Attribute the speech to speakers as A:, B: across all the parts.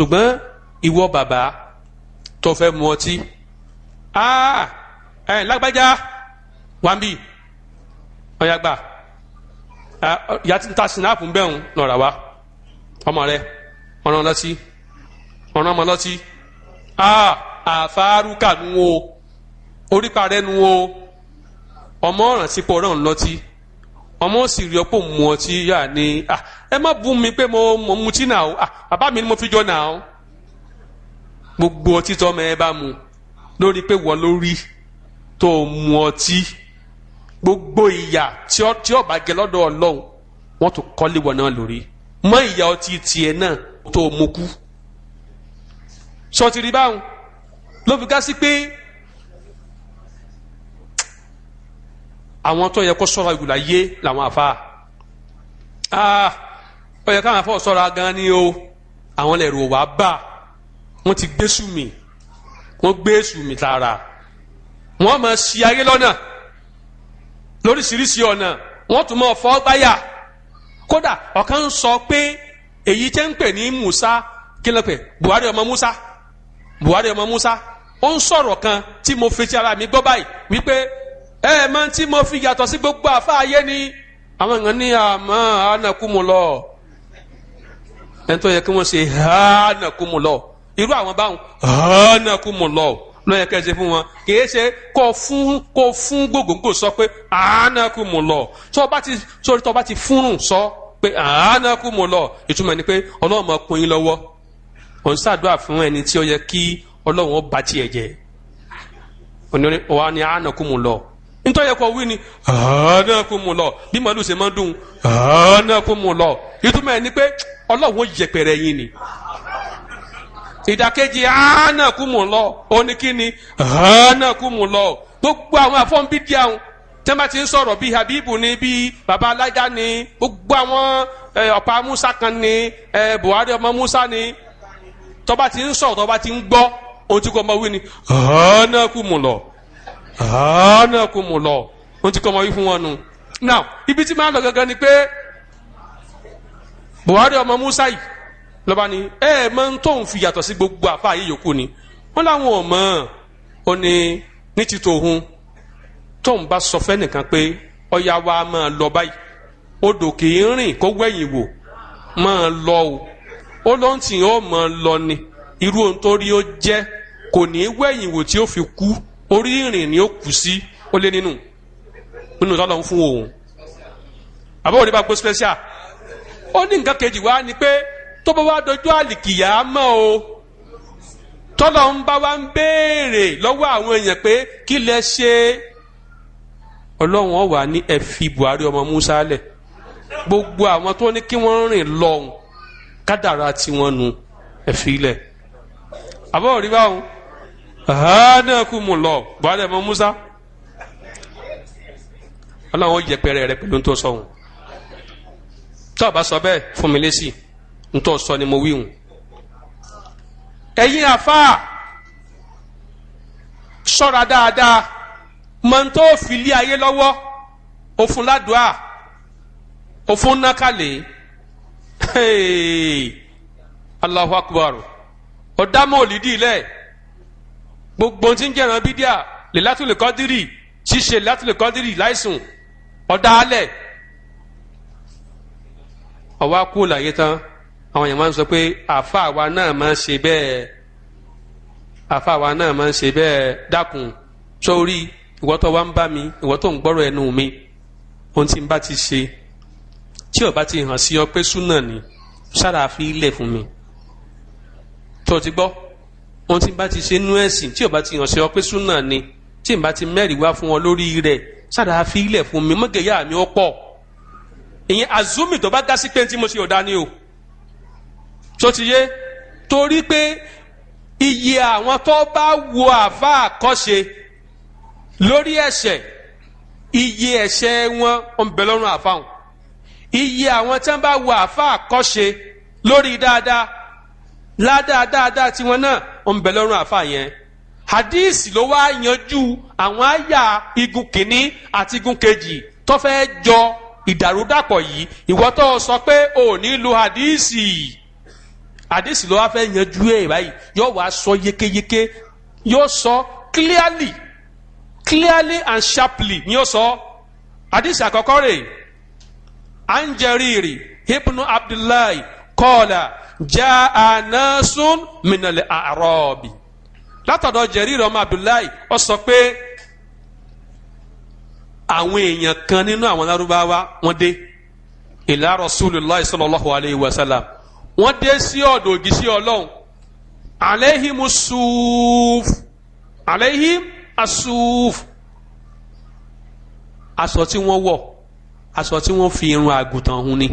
A: ṣùgbọ́n ìwọ bàbá tó fẹ́ mu ọtí aa ah, ẹ lágbájá wà ń bì ọ̀yà gbà ah, ìyá tí ń ta sinapu ń bẹ̀rùn lọ́ra wa ọmọ rẹ ọ̀ràn lọ́tí ọ̀ràn ọmọ lọ́tí aa àfárúkà nu o orípa rẹ nu o ọmọ ọ̀ràn sípò ọ̀ràn lọ́tí ọmọ sì rí ọpọ mu ọtí yá ni ẹ má bú mi pé mo mo mutí náà o bàbá mi ni mo fi jọ náà o gbogbo ọtí tó ọmọ ẹ bá mu lórí pé wọ́n lórí tó mu ọtí gbogbo ìyà tí ọ tí ọba gẹ lọ́dọ̀ Ọlọ́run wọ́n tún kọ́lé wọn náà lórí mọ ìyà ọtí tiẹ̀ náà tó mu kú sọtìrì báwọn ló fi gá sí pé àwọn tó yẹ kó sọ̀rọ̀ ìgbìlá yé làwọn àfa ah, ó yẹ káwọn àfa sọ̀rọ̀ gan ni o àwọn lẹ̀rù wá bá wọ́n ti gbé sùmí wọ́n gbé sùmí tààrà wọ́n máa ṣì ayé lọ́nà lóríṣiríṣi ọ̀nà wọ́n tún máa fọ́ gbáyà kódà ọ̀kan sọ pé èyí tẹ́ ń pè ní Musa kí ló pè Buhari ọmọ Musa Buhari ọmọ Musa ó ń sọ̀rọ̀ kan tí mo fetí ara mi gbọ́ báyìí wípé ẹ máa tí mo fi yàtọ̀ sí gbogbo àfa ayé ni àwọn èèyàn ní àmọ́ ànàkùmù lọ ẹni tó yẹ kí wọ́n ṣe ànàkùmù lọ irú àwọn báwọn ànàkùmù lọ ló yẹ kẹ́ ẹ ṣe fún wọn kìí ṣe kó fún kó fún gbogbogbò sọ pé ànàkùmù lọ tó bá ti sórí tó bá ti fúnrùn sọ pé ànàkùmù lọ ìtumọ̀ ni pé ọlọ́run máa kún yín lọ́wọ́ òun ṣàdúrà fún ẹni tí ó yẹ kí ọlọ́run ó bá tiẹ̀ jẹ́ òní wa ni ànàkùmù lọ ntọ́ yẹ kọ́ wí ni àánà kò mú lọ bí màálù ṣe máa dùn àánà kò mú lọ ìtumọ̀ ẹ̀ ni pé ọlọ́wọ́ yẹpẹrẹ yín ni ìdàkejì àánà kò mú lọ oníkíni àánà kò mú lọ gbogbo àwọn àfọ̀nbídìí àwọn tẹ́ bá ti ń sọ̀rọ̀ bíi Habibu ni bíi baba alájà ni gbogbo àwọn ọ̀pá Musa kan ni Buhari ọmọ Musa ni tọ́ba ti ń sọ̀rọ̀ tọ́ba ti ń gbọ́ ohun tí kò mọ wí ni àánà kò mú lọ. àánà kò mọ̀ lọ wọ́n ti kọ́ yìí fún wọn nù. now ibi tí máa lọ gangan ni pé Buhari ọmọ Musa yìí lọba ni ẹ ẹ máa ń tóun fi yàtọ̀ sí gbogbo àfa yìí yòókù ni wọ́n làwọn ò mọ̀ ọ́ ní ní ti tòun tóun bá sọ fẹ́ nìkan pé ọ̀yà wa máa lọ báyìí odò kì í rìn kó gbẹ̀yìn wò máa lọ o ó lóun tì í ó máa lọ ni irú ohun tó rí ó jẹ́ kò ní í wò tí ó fi kú. orí ìrìn ni ó kù sí ó lé nínú nínú tọ́lọ̀ ń fún òun àbáwò ní bá gbé special ó ní nǹkan kejì wá ni pé tó bá wá dojú àlìkìyà mọ́ o tọ́lọ̀ ń bá wá ń béèrè lọ́wọ́ àwọn èèyàn pé kí lẹ ṣe ọlọ́run ó ní ẹ Buhari ọmọ Musa lẹ̀ gbogbo àwọn tó ní kí wọ́n rìn lọ́hùn kádàrá tiwọn nu ẹ lẹ̀ àbáwò rí báwọn. hanakumulọ bàdà mọ musa Ọlọ́run ó yẹpẹrẹ rẹ pẹ̀lú ntọ sọhùn tó o bá sọ bẹ́ẹ̀ fún mi lésì ntọ sọ ni mo wí hùn ẹ̀yin àfáà ṣọ́ra dáadáa mọ̀ntó òfìlí ayé lọwọ òfun ládùá òfun nákàlẹ́ hey. Allahu akbar ọ mọ́ olidi lẹ́ẹ̀. gbogbo tí ń jẹran bídíà lè látúlẹ̀ kọ́dírì ṣíṣe látúlẹ̀ kọ́dírì láìsùn ọ̀dàálẹ̀ ọwọ́ kú làyé tán àwọn èèyàn máa ń sọ pé àfa àwa náà máa ń ṣe bẹ́ẹ̀ àfa náà máa ń ṣe bẹ́ẹ̀ dákun sórí ìwọ wá ń bá mi ìwọ ń gbọ́rọ̀ ẹnu mi ohun tí n bá ti ṣe tí ó ti hàn sí ọ pé súnà ni sára fi ilẹ̀ fún mi tó ti gbọ́ ohun tí n bá ti ṣe nú ẹ̀sìn tí o bá ti hàn ṣe ọ pé súnà ni tí n bá ti mẹ́rìí wá fún ọ lórí rẹ̀ sáadà fi ilẹ̀ fún mi mọ́gẹ̀yà mi ó pọ̀ ìyẹn azumi tó bá dá sí pé tí mo ṣe ò dání o tó ti yé torí pé iye àwọn tó bá wo àfa àkọ́ṣe lórí ẹ̀ṣẹ̀ iye ẹ̀ṣẹ̀ wọn ń bẹ lọ́rùn àfa wọn iye àwọn tí wọ́n bá wo àfa àkọ́ṣe lórí dáadáa ládáadáa tiwọn náà ń bẹ lọ́rùn àfa yẹn hadíìsì ló wá yanjú àwọn àyà igun kìíní àti igun kejì tó fẹ́ jọ ìdàrúdàpọ̀ yìí ìwọ tó sọ pé ò ní lu hadíìsì hadíìsì ló wá fẹ́ yanjú ẹ̀ báyìí yóò wá sọ yékéyéké yóò sọ clearly clearly and sharply ni yóò sọ hadíìsì àkọ́kọ́ rẹ̀ anjeriri ibnu abdullahi kọ́ọ̀là jaa nasun minal a'rabi látọ̀dọ̀ Jarir ọmọ Abdullahi ó sọ pé àwọn èèyàn kan nínú àwọn Lárúbáwá wọ́n dé ìlà Rasulullah sallallahu alayhi wa sallam wọ́n dé sí ọ̀dọ̀ ògìsí Ọlọ́run alayhimu suuf alayhim asuuf aṣọ tí wọ́n wọ̀ aṣọ tí wọ́n fi irun àgùntàn hun ni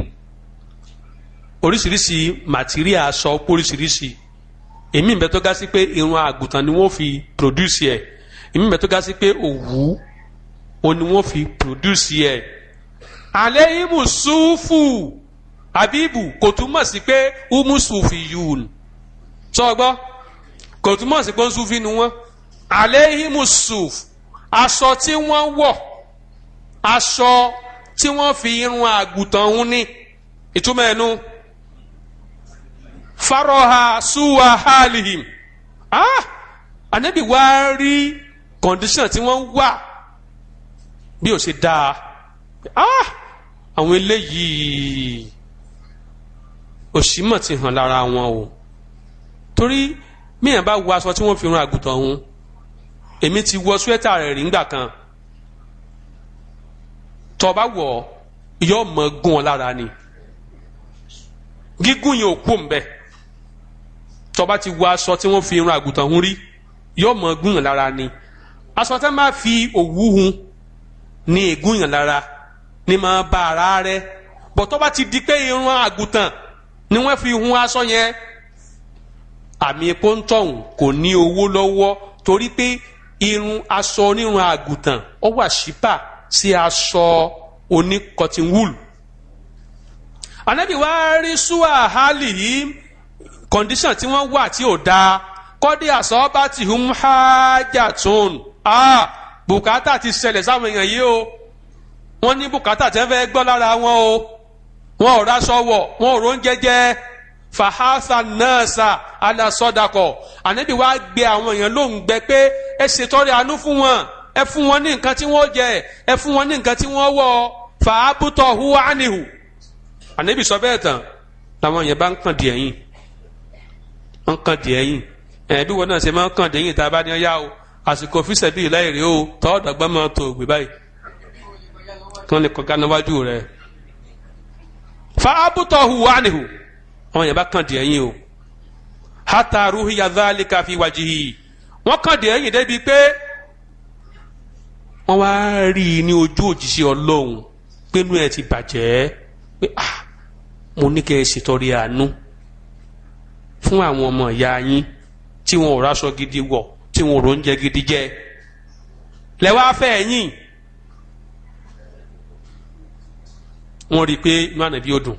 A: oríṣiríṣi màtíríà aṣọ oríṣiríṣi èmi ìbẹ́ tó ga sí pé irun àgùntàn ni wọ́n fi produce ẹ̀ èmi ìbẹ́ tó ga sí pé òwú o ni wọ́n fi produce ẹ̀ alẹ́ imu sùfù abibu kò túmọ̀ sí pé umu sùfì yùn sọ gbọ́ kò túmọ̀ sí pé ń sùfì ni wọ́n alẹ́ imu sùfù aṣọ tí wọ́n wọ̀ aṣọ tí wọ́n fi irun àgùntàn ń ní ìtumọ̀ ẹnu faroha suwa halihim ah anabi wa rí condition tí wọ́n wà bí ó ṣe dáa ah àwọn eléyìí òṣìmọ̀ ti hàn lára wọn o torí míyàn bá wọ aṣọ tí wọ́n fi ran àgùntàn òun èmi ti wọ suẹ́tà rẹ̀ rí ngbà kan tọ́ bá wọ̀ yọ mọ̀ gún ọ ni gígùn yẹn ò kú òun tó bá ti wọ aṣọ tí wọ́n fi irun àgùntàn hun rí yóò mọ gúnyàn lára ni aṣọ tá máa fi òwú hun ní ègúnyàn lára ní máa ba ara rẹ̀ bọ̀ tó ti di pé irun àgùntàn ni wọ́n fi hun aṣọ yẹn àmì epo ń tọ̀hún kò ní owó lọ́wọ́ torí pé irun aṣọ onírun àgùntàn ó wà ṣípà sí aṣọ oní cotton wool anabi wa rí suwa hali yìí. Condition tí wọ́n wà tí ò dáa kọ́dé àsọ́ọ́bá ti hùm hájà tún a bùkátà ti ṣẹlẹ̀ sáwọn èèyàn yìí o wọ́n ní bùkátà tẹ́ fẹ́ gbọ́ lára wọn o wọn ò raṣọ wọ̀ wọn ò róúnjẹ jẹ fàhásà náà sà alasọ́dakọ̀ ànábì wá gbé àwọn èèyàn lóhùn gbẹ pé ẹ ṣètọrẹ àánú fún wọn ẹ fún wọn ní nǹkan tí wọ́n jẹ ẹ fún wọn ní nǹkan tí wọ́n wọ̀ fàábùtọ̀ hùwà ánìhù ànábì sọ bẹ́ẹ̀ tán làwọn yẹn bá ń kàn dì ẹ̀yìn ń kàn dé ẹ̀yìn ẹ̀ bí wọn náà ṣe máa ń kàn dé ẹ̀yìn tá a bá ní ọyá o àsìkò fíṣẹ̀ bíi láìrí o tọ́ọ̀dọ̀ gbọ́n máa tó ògbé báyìí kán lè kọjá níwájú rẹ̀ fa abútọ̀ hùwà nìhù wọn yẹn bá kàn dé ẹ̀yìn o hata ruhiya dhalika fi wajihi wọn kàn dé ẹ̀yìn débi pé wọn wá rí i ní ojú òjìṣẹ́ Ọlọ́run pé inú ẹ ti bàjẹ́ pé ah mo ní kẹ́ ẹ ṣètọrẹ àánú fún àwọn ọmọ ìyá yín tí wọn ò ráṣọ gidi wọ̀ tí wọn ò róúnjẹ gidi jẹ lẹ́wọ́ afẹ́ ẹ̀yìn wọ́n rí i pé inú ànàbí ó dùn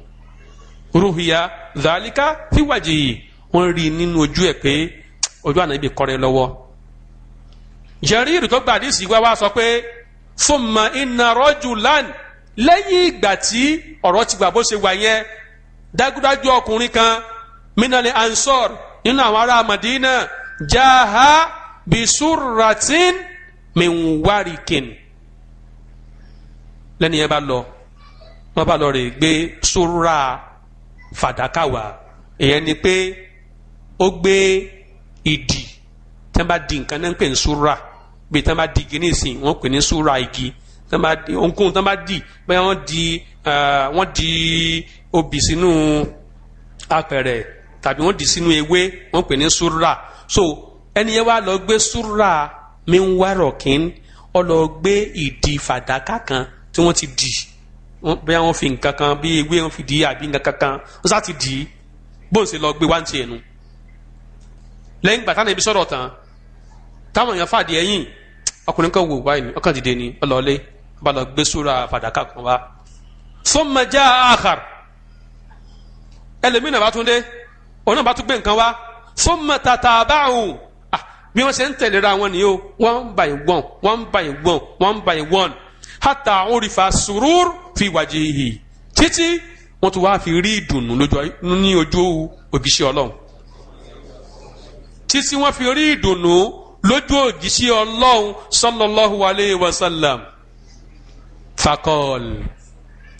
A: ruhiya zalika fíwájì yìí wọ́n rí i nínú ojú ẹ̀ pé ojú ànàbí kọ́rẹ́ lọ́wọ́ Jarir tó gbà ní ìsìnwá wa sọ pé summa inna rajulan lẹ́yìn ìgbà tí ọ̀rọ̀ ti gbà bó ṣe wà yẹn dájúdájú ọkùnrin kan minali ansor nínú àwọn ará madina jaha bisuratin minwarikin lẹ́ni yẹn bá lọ wọ́n bá lọ rè gbé sura fàdákà wá èyẹn ni pé ó gbé ìdì tí wọ́n bá di nǹkan náà ń pè ní sura bí tí wọ́n bá di igi ní ìsìn pè ní sura igi tí wọ́n bá di ohunkóhun tí wọ́n bá di bẹ́ẹ̀ wọ́n di eh, wọ́n di obì sínú apẹ̀rẹ̀ tàbí wọ́n dì sínú ewé wọ́n pè ní surra so ẹni yẹn wá lọ gbé surra mi ń wá rọ̀kín ọ lọ gbé ìdì fàdákà kan tí wọ́n ti dì bóyá wọ́n fi nǹkan kan bí ewé wọ́n fi dì í àbí nǹkan kankan wọ́n sá ti dì í bóun sì lọ gbé wá ń tiẹ̀ nu lẹ́yìn gbàtà níbi sọ̀rọ̀ tán táwọn èèyàn fàdí ẹ̀yìn ọkùnrin kan wò báyìí ni ọkàn dìde ni ọlọ́ọ̀lẹ́ bá lọ gbé sura fàdákà kan wá. fún mẹjá àkàr ẹlòmínà bá tún dé òun náà bá tún gbé nǹkan wá summa tataba'u ah, bí wọ́n ṣe ń tẹ̀léra wọn nìyó one by one one by one one by one hata urifa surur fi wajihi títí wọ́n tún wá fi rí ìdùnnú ní ojú ògìṣẹ́ ọlọ́run títí wọ́n fi rí ìdùnnú lójú ògìṣẹ́ ọlọ́run sallallahu alayhi wa sallam fakọ́ọ̀lì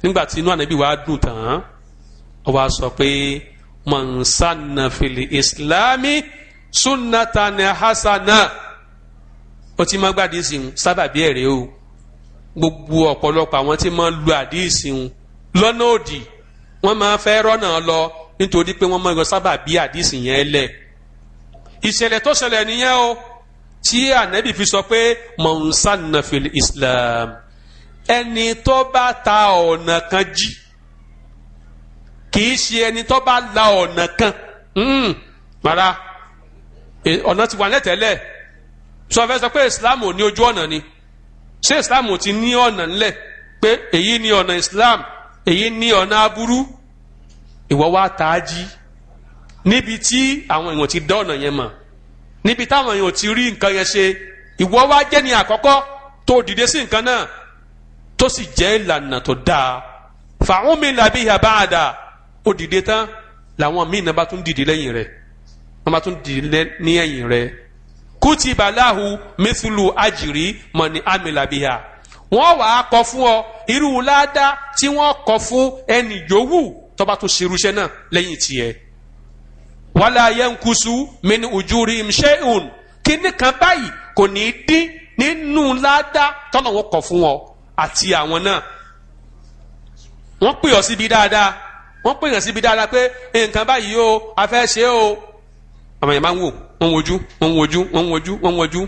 A: nígbà tí inú ànábì wa dùn tán ó wá sọ pé man sanna fil islami sunnatan hasana o ti máa gba àdìsí ń sábàbí ẹ̀rẹ́ o gbogbo ọ̀pọ̀lọpọ̀ àwọn tí máa lu àdìsí ń lọ́nà òdì wọ́n máa fẹ́ rọ́nà lọ nítorí pé wọ́n máa yọ sábàbí àdìsí yẹn lẹ̀ ìṣẹ̀lẹ̀ tó ṣẹlẹ̀ nìyẹn o tí ànábì fi sọ pé man sanna fil islam ẹni tó bá ta ọ̀nà kan jí kì í ṣe ẹni tó bá la ọ̀nà kan rárá hmm. ọ̀nà ti wà lẹ́tẹ̀lẹ̀ sọ fẹ́ sọ pé islam ò ní ojú ọ̀nà ni ṣé islam ò ti ní ọ̀nà ńlẹ̀ pé èyí ni ọ̀nà islam èyí ni ọ̀nà aburú ìwọ wa tààjí níbi tí àwọn èèyàn ti dá ọ̀nà yẹn mọ̀ níbi táwọn èèyàn ti rí nǹkan yẹn ṣe ìwọ wa jẹ́ ni àkọ́kọ́ tó dìde sí nǹkan náà tó sì jẹ́ ìlànà tó dáa fa'umila biha ba'da ó dìde tán làwọn míì náà bá tún dìde lẹ́yìn rẹ̀ wọ́n bá tún dìde ní ẹ̀yìn rẹ̀ kùtìbà láhu mẹ́sùlù àjìrí mọ̀ni àmìlàbíyà wọ́n wàá kọ fún ọ irú ládàá tí wọ́n kọ fún ẹnì yòówù tó bá tún ṣerúṣẹ́ náà lẹ́yìn tiẹ̀ wala yankusu min ujurihim shay'un kíní kan báyìí kò ní í dín nínú ládàá tọ́nà wọn kọ̀ fún ọ àti àwọn náà wọ́n pè ọ síbi dáadáa wọ́n pè yàn síbi dáadáa pé nǹkan báyìí o a fẹ́ ṣe o àwọn èèyàn máa ń wò wọ́n wojú wọ́n wojú wọ́n wojú wọ́n wojú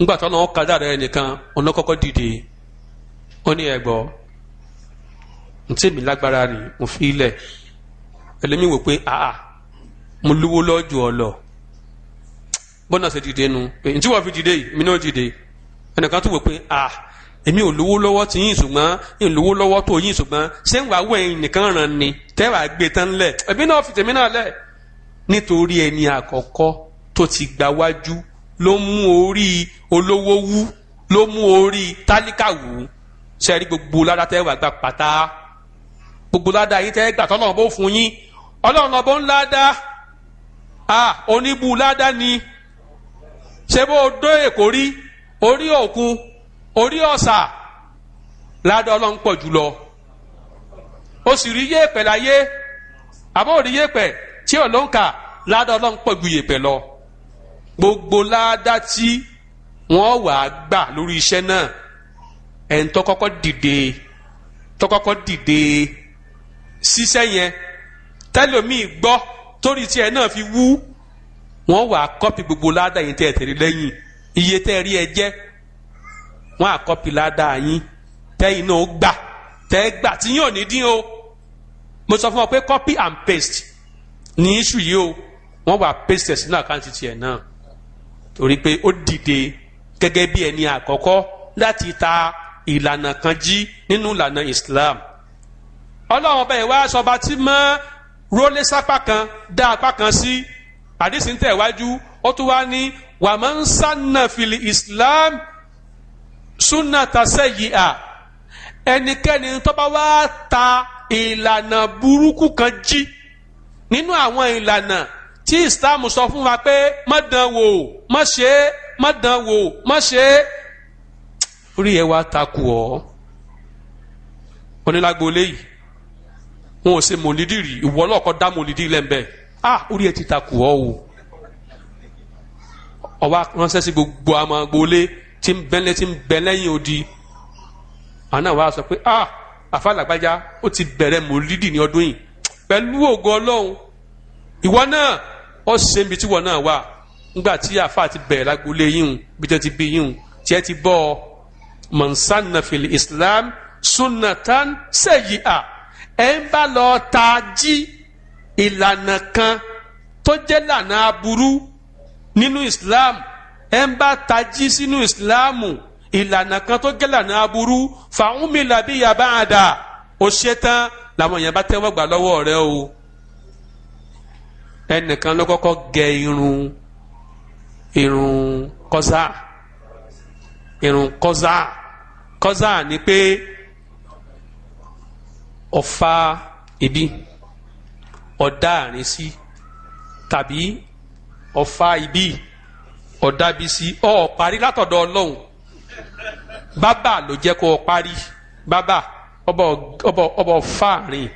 A: ńgbà tó náà kàdá rẹ nìkan ọ̀nà kọ́kọ́ dìde ó ní ẹ̀gbọ́ ntí mi lágbára rè mo fi ilẹ̀ ẹlẹ́mi wò pé àà mo lówó lọ́jù ọ bọ́nà ṣe dìde nu ntí wọ́n fi dìde yìí mi náà dìde ẹnìkan tún wò pé àà èmi ò lówó lọ́wọ́ tí yín ṣùgbọ́n ń lówó lọ́wọ́ tó yín ṣùgbọ́n ṣé ń wá wẹ̀ nìkan ràn ni tẹ́wàá gbé tán lẹ̀ ẹ̀mí náà fi tèmi náà lẹ̀ nítorí ẹni àkọ́kọ́ tó ti gba wájú ló mú orí olówó wú ló mú orí tálíkà wú ṣe rí gbogbo ládá tẹ́wàá gbà pátá gbogbo ládá yìí tẹ́ gbà tọ́lọ́run bó fún yín ọlọ́run ọbọ̀ ńlá dá oníbu ládá ni ṣé bó dó èkó rí orí òkun orí ọ̀sà ládọ́ ọlọ́run pọ̀ jùlọ o sì rí yéèpẹ̀ láyé àbọ̀ ò rí yéèpẹ̀ tí ò ló ń kà ládọ́ ọlọ́run pọ̀ ju yéèpẹ̀ lọ gbogbo ládá tí wọ́n wà á gbà lórí iṣẹ́ náà ẹ̀ ń tọ́kọ́kọ́ dìde tọ́kọ́kọ́ dìde ṣiṣẹ́ yẹn tẹ́lòmíì gbọ́ torí tiẹ̀ náà fi wú wọ́n wà á kọ́pì gbogbo ládá yẹn tẹ́ ẹ̀ tẹ̀lé lẹ́yìn iye tẹ́ ẹ rí ẹ jẹ́ wọ́n àkọ́pì ládàá yín tẹ́yìn náà gbà tẹ́ gbà tí yín ò ní dín o mo sọ fún ọ pé copy and paste ní issue yìí o wọ́n wà paste sínú àkáǹtì tiẹ̀ náà torí pé ó dìde gẹ́gẹ́ bí ẹni àkọ́kọ́ láti ta ìlànà kan jí nínú ìlànà Islam ọlọ́run ọba ìwà aṣọba tí mọ́ rólé sápá kan dá apá kan sí àdísìntẹ̀wájú ó tún wá ní wàmọ́ Islam súnà tàṣẹ yìí à ẹnikẹ́ni tó bá wá ta ìlànà burúkú kan jí nínú àwọn ìlànà tí Islam sọ fún wa pé má dán wò má ṣe é má dán wò má ṣe é orí ẹ wá takù ọ onílágbólé yìí wọn ò ṣe mòlídì ìwọ ọlọ́kọ dá mòlídì lẹ́nbẹ̀ẹ́ ah orí ẹ ti takù ọ o ránṣẹ́ sí gbogbo àmọ́ tí ń bẹ́lẹ́ tí ń bẹ lẹ́yìn odi àwọn wàá sọ pé ah àfàlàgbájá ó ti bẹ̀rẹ̀ mòlídì ní ọdún yìí pẹ̀lú ògo ọlọ́run ìwọ náà ó ṣe ibi tí ìwọ náà wà nígbà tí àfa ti bẹ̀rẹ̀ lágbolé yìí bí tẹ́ ti bí yìí tiẹ́ ti bọ́ ọ mọ̀nsánàfìl islam sunatan sẹ́yìí à ẹ̀ ń bá lọ ta jí ìlànà kan tó jẹ́ lànà aburú nínú islam ẹ ń bá tají sínú ìsìláàmù ìlànà kan tó gẹ́lànà aburú fàáhùn mi làbí yaba àdà ó ṣe tán làwọn èèyàn bá tẹ́wọ́ gbà lọ́wọ́ rẹ o ẹnìkan ló kọ́kọ́ gẹ irun irun kọ́sà irun kọ́sà kọ́sà ni pé ọ̀fà ibi ọ̀dà àrín sí tàbí ọ̀fà ibi ọ̀dàbísí ọ̀ parí látọ̀dọ̀ ọlọ́run bàbá ló jẹ́ kó o parí bàbá ọbọ̀ ọbọ̀ ọbọ̀ fáàrin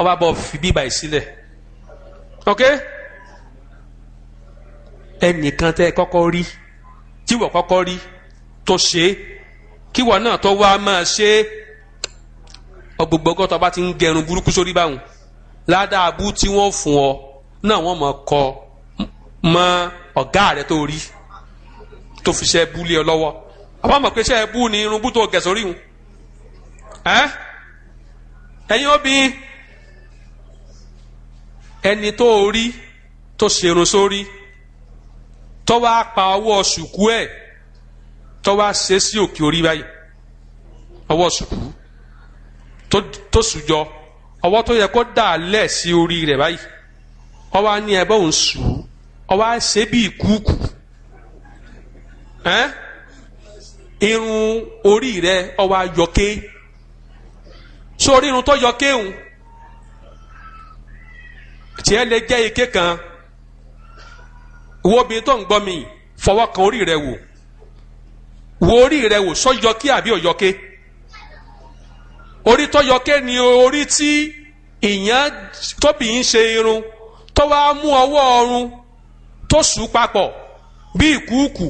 A: ọba bọ̀ fi bíbà yìí sílẹ̀ ok ẹnìkan tẹ́ ẹ kọ́kọ́ rí tíwọ̀ kọ́kọ́ rí tó ṣe é kíwọ̀ náà tó wá máa ṣe é ọgbọgbọgọ tó bá ti ń gẹrun burúkú sórí báwọn ládàá abú tí wọ́n fún ọ náà wọ́n mọ̀ kọ́ ọ mọ ọ̀gá rẹ tó rí tó fi ṣe bú lé ọ lọ́wọ́ àwọn mọ̀ pé ṣe bú ni irun bú tó gẹ̀ sórí wọn ẹ ẹ̀yin obìnrin ẹni tó rí tó ṣerun sórí tó wá pa ọwọ́ ṣùkú ẹ̀ tó wá ṣe sí òkè orí báyìí ọwọ́ ṣùkú tó sùjọ ọwọ́ tó yẹ kó dà lẹ̀ sí orí rẹ̀ báyìí ọwọ́ á ní ẹ òun sùn ọwọ́ àṣẹ bíi kúkú ẹ́n irun orí rẹ ọwọ́ àyọké sórí irun tó yọké òun tiẹ̀ lè jẹ́ ike kan wo obìnrin tó ń gbọ́ mi fọwọ́ kan orí rẹ wò wo orí rẹ wò sọ yọké àbí ọ̀yọké orí tó yọké ni orí tí ìyẹn tóbi ń ṣe irun tó wàá mú ọwọ́ ọrùn tó sùn papọ̀ bí ìkúùkù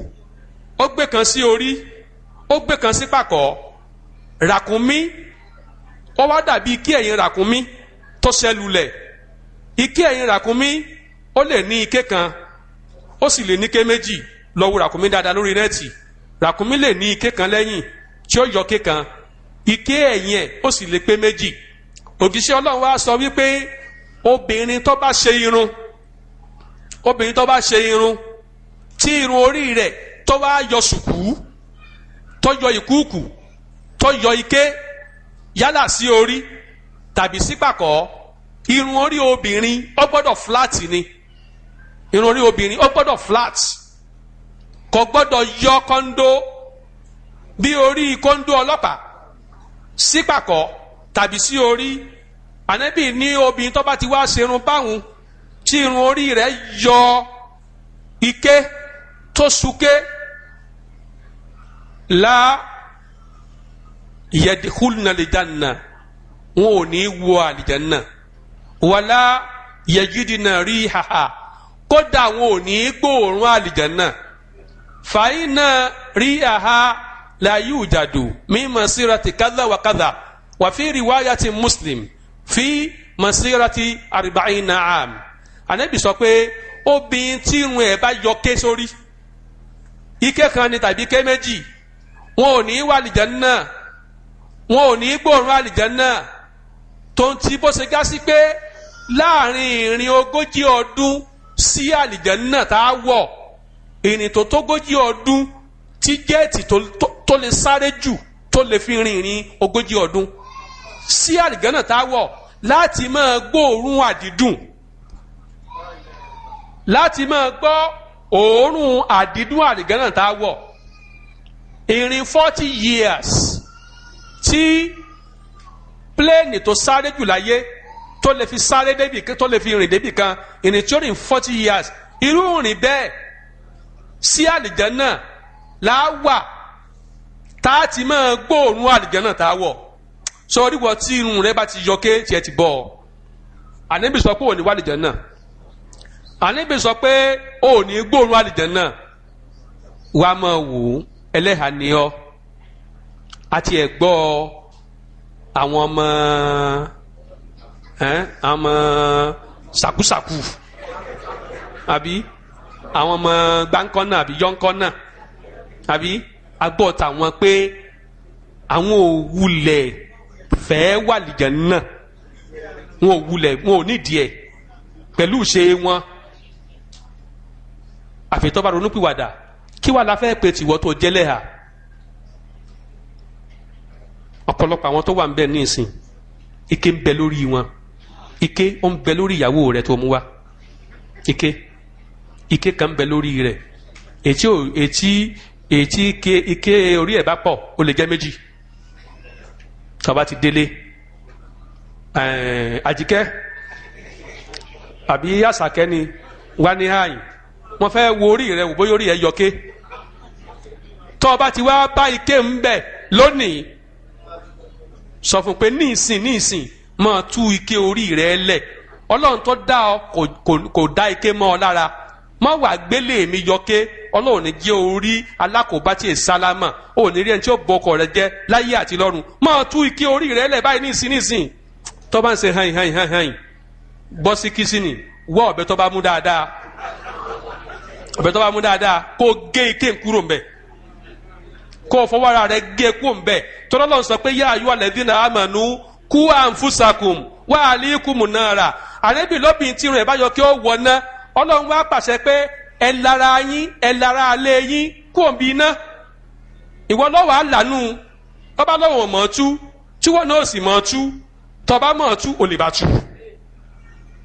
A: ó gbé kan sí orí ó gbé kan sí pàkọ́ ràkúnmí ó wá dàbí ike ẹ̀yìn ràkúnmí tó ṣẹlulẹ̀ ike ẹ̀yìn ràkúnmí ó lè ní ike kan ó sì lè ní ike méjì lọ wo ràkúnmí dáadáa lórí nẹ́ẹ̀tì ràkúnmí lè ní ike kan lẹ́yìn tí ó yọ ike kan ike ẹ̀yìn ẹ̀ ó sì lè pé méjì òjíṣẹ́ ọlọ́run wá sọ wípé obìnrin tó bá ṣe irun obìnrin tó bá ṣe irun tí irun orí rẹ̀ tó bá yọ sùkú tó yọ ìkúùkù tó yọ ike yálà sí orí tàbí sípàkọ́ irun orí obìnrin ó gbọ́dọ̀ flat ni irun orí obìnrin ó gbọ́dọ̀ flat kò gbọ́dọ̀ yọ kọ́ńdó bí orí kọ́ńdó ọlọ́pàá sípàkọ́ tàbí sí orí ànábì ní obìnrin tó bá ti wá ṣerun báwọn tí irun orí rẹ̀ yọ ike tó súké la yẹdikuluna alijanna wọn ò ní wọ alijanna wàlá yẹjidina rí haha kódà wọn ò ní gbóòórùn alijanna fàyínà rí haha láyé ìjàdù mí masirati kadà wà kadà wà fi riwayati muslim fi masirati arba'ina am ànábì sọ pé obìnrin tí irun ẹ̀ bá yọ ké sórí ike kan ni tàbí ike méjì wọn ò ní wà àlìjánnà wọn ò ní gbóòórùn àlìjánnà tó ń ti bó ṣe já sí pé láàrin ìrìn ogójì ọdún sí àlìjánnà tá a wọ̀ ìrìn tó tógójì ọdún tí géètì tó lè sáré jù tó lè fi rin ìrìn ogójì ọdún sí àlìjánnà tá a wọ̀ láti máa gbóòórùn àdídùn láti máa gbọ́ òórùn àdídùn àlìgánà tá a wọ̀ ìrìn forty years tí pléènì tó sáré jù láyé tó lè fi sáré débì kan tó lè fi rìn débì kan ìrìn tí ó rìn forty years irú rìn bẹ́ẹ̀ sí àlìjánà láwà tá a ti máa gbóòórùn àlìjánà tá a wọ̀ sọ orí wọ tí irun rẹ bá ti yọ ké tiẹ̀ ti bọ̀ ọ́ ànábì sọ pé òní wà àlìjánà àníbi sọ pé ò ní gbóòórùn àlìjànnà wàá máa wò ó ẹlẹ́hà ni ọ́ àti ẹ̀gbọ́ àwọn ọmọ ọmọ sàkúsàkú àbí àwọn ọmọ gbáǹkọ́nà àbí yọ́ǹkọ́nà àbí agbọ́ tàwọn pé àwọn ò wulẹ̀ fẹ́ẹ́ wà lìjànnà wọn ò wulẹ̀ wọn ò nídìí ẹ̀ pẹ̀lú ìṣe wọn àfitọ́ bá ronúpìwàdà kí wàá la fẹ́ pe tìwọ́ tó jẹ́lẹ̀ ha ọ̀pọ̀lọpọ̀ àwọn tó wà ń bẹ ní ìsìn ike ń bẹ lórí wọn ike ó ń bẹ lórí ìyàwó rẹ tó mú wá ike ike kan ń bẹ lórí rẹ ètí ò ètí ètí ike ike orí ẹ̀ bá pọ̀ ó lè jẹ́ méjì tó ti délé eh, àjíkẹ́ àbí àṣàkẹ́ ni wá ní àyè. wọ́n fẹ wo orí rẹ wò bóyá orí rẹ yọké tọ ọ bá ti wá bá ike ń bẹ̀ lónìí sọ fún pé ní ìsìn ní ìsìn máa tú ike orí rẹ lẹ ọlọ́run tó dá ọ kò dá ike mọ́ ọ lára má wàá gbélé mi yọké ọlọ́run ní jẹ́ orí alákòóbá tí ì sálámà ò ní rí ẹni tí ó bọ ọkọ rẹ jẹ láyé àti lọ́run máa tú ike orí rẹ lẹ báyìí ní ìsìn ní ìsìn tó bá ń ṣe hàn hàn hàn hàn bọ́ sí kìsìnì wọ́ ọ̀bẹ tó bá mú dáadáa ọbẹ̀ tó bá mú dáadáa kó gé ike nkúrò mbẹ kó fọwọ́ ara rẹ gé kó mbẹ tọ́lọ́lọ́ sọ pé yá ayọ́ alẹ́dín náà àmànú kú àǹfùsàkùm wá àlíkùmù náà rà àrẹ́bí lọ́bìn tí rẹ̀ báyọ̀ kí ó wọ̀ ná ọlọ́run wá pàṣẹ pé ẹ lára yín ẹ lára alẹ́ yín kó mbí iná ìwọ lọ́wọ́ àlànú ọba lọ́wọ́ mọ̀ tú tí wọ́n náà sì mọ̀ tú tọba mọ̀ tú ò bá tú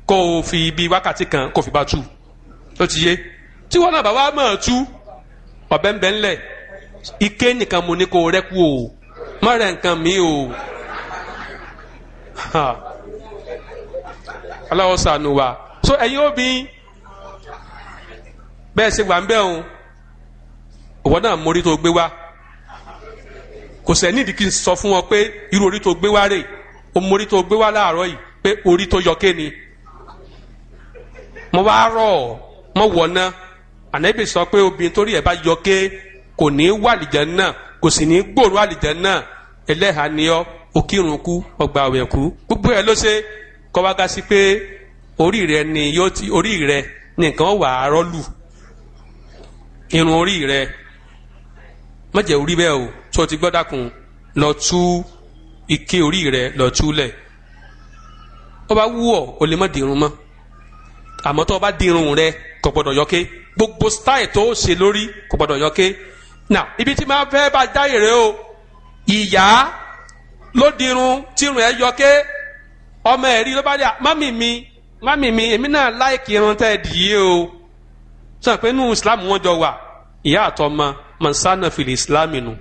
A: kó fi ibi wákàtí kan kó fi bá tú ó ti yé tí wọn náà bá wà mọ̀ tú ọ̀bẹ ń bẹ ńlẹ̀ ike nìkan mo ní kó rẹ́ kú o má rẹ̀ nǹkan mi o aláwọ̀ sànù wa so ẹ̀yin obìnrin bẹ́ẹ̀ ṣe wà ń bẹ̀ òun ìwọ náà mórí tó gbé wá kò sẹ́ni ìdí kí n sọ fún wọn pé irú orí tó gbé wá rè o mórí tó gbé wá láàárọ̀ yìí pé orí tó yọ ké ni mo wá rọ̀ ọ́ mo wọ̀ ná ànábì sọ pé obìnrin torí ẹ̀ bá yọ ké kò ní wà àlìjánnà kò sì ní gbòòrò àlìjánnà ẹlẹ́hàá ni ọ́ òkírun kú ọgbà ọ̀wẹ̀ kú gbogbo ẹ̀ ló ṣe kọ́ wá ga sí pé orí rẹ ni yóò ti orí rẹ nìkan wà á rọ́lù irun orí rẹ mọ̀jẹ̀ orí bẹ́ẹ̀ o tó o ti gbọ́ dákun lọ tú ike orí rẹ lọ túlẹ̀ ó bá wú ọ o má dìrun mọ́ àmọ́ tó o bá di irun rẹ kò gbọdọ̀ yọké gbogbo style tó o ṣe lórí kò gbọdọ̀ yọké now ibi tí máa fẹ́ bá dá èrè o ìyá ló di irun tí irun ẹ yọké ọmọ ẹ̀rí ló bá dé mami mi mami mi èmi náà láìkì irun tẹ́ ẹ dìé o sọ pé nínú Islam wọn jọ wà ìyá àtọmọ mọ̀nsánà fìlì Islam nù